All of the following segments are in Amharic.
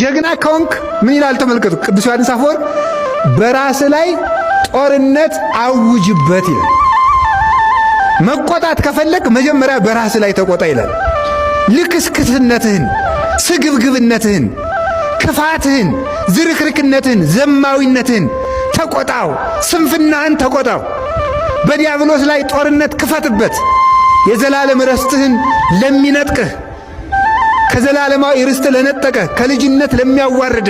ጀግና ከሆንክ ምን ይላል ተመልከቱ። ቅዱስ ዮሐንስ አፈወርቅ በራስ ላይ ጦርነት አውጅበት ይላል። መቆጣት ከፈለክ መጀመሪያ በራስ ላይ ተቆጣ ይላል። ልክስክስነትህን፣ ስግብግብነትህን፣ ክፋትህን፣ ዝርክርክነትህን፣ ዘማዊነትህን ተቆጣው። ስንፍናህን ተቆጣው። በዲያብሎስ ላይ ጦርነት ክፈትበት። የዘላለም ርስትህን ለሚነጥቅህ ከዘላለማዊ ርስት ለነጠቀ፣ ከልጅነት ለሚያዋርደ፣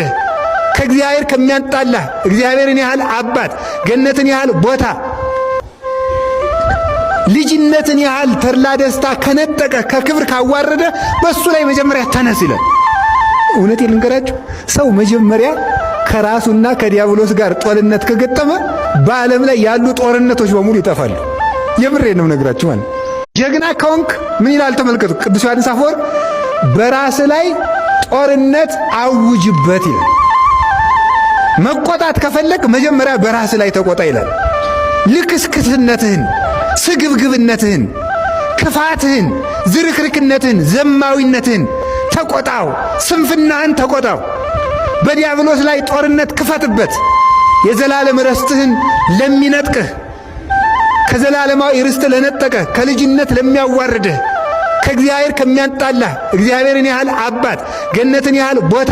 ከእግዚአብሔር ከሚያጣላ፣ እግዚአብሔርን ያህል አባት፣ ገነትን ያህል ቦታ፣ ልጅነትን ያህል ተድላ ደስታ ከነጠቀ፣ ከክብር ካዋረደ በሱ ላይ መጀመሪያ ተነስ ይላል። እውነት ልንገራችሁ፣ ሰው መጀመሪያ ከራሱና ከዲያብሎስ ጋር ጦርነት ከገጠመ በዓለም ላይ ያሉ ጦርነቶች በሙሉ ይጠፋሉ። የምሬ ነው ነግራችሁ። ማለት ጀግና ከሆንክ ምን ይላል? ተመልከቱ ቅዱስ ዮሐንስ አፈወርቅ በራስ ላይ ጦርነት አውጅበት ይላል። መቆጣት ከፈለግ መጀመሪያ በራስ ላይ ተቆጣ ይላል። ልክስክስነትህን፣ ስግብግብነትህን፣ ክፋትህን፣ ዝርክርክነትህን፣ ዘማዊነትህን ተቆጣው። ስንፍናህን ተቆጣው። በዲያብሎስ ላይ ጦርነት ክፈትበት። የዘላለም ርስትህን ለሚነጥቅህ ከዘላለማዊ ርስት ለነጠቀህ ከልጅነት ለሚያዋርድህ ከእግዚአብሔር ከሚያጣላ እግዚአብሔርን ያህል አባት ገነትን ያህል ቦታ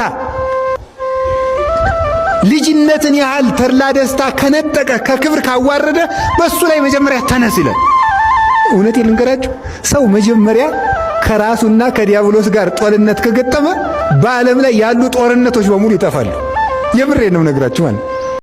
ልጅነትን ያህል ተድላ ደስታ ከነጠቀ ከክብር ካዋረደ በእሱ ላይ መጀመሪያ ተነስ ይላል። እውነት ልንገራችሁ፣ ሰው መጀመሪያ ከራሱና ከዲያብሎስ ጋር ጦልነት ከገጠመ በዓለም ላይ ያሉ ጦርነቶች በሙሉ ይጠፋሉ። የምሬ ነው ነግራችሁ ማለት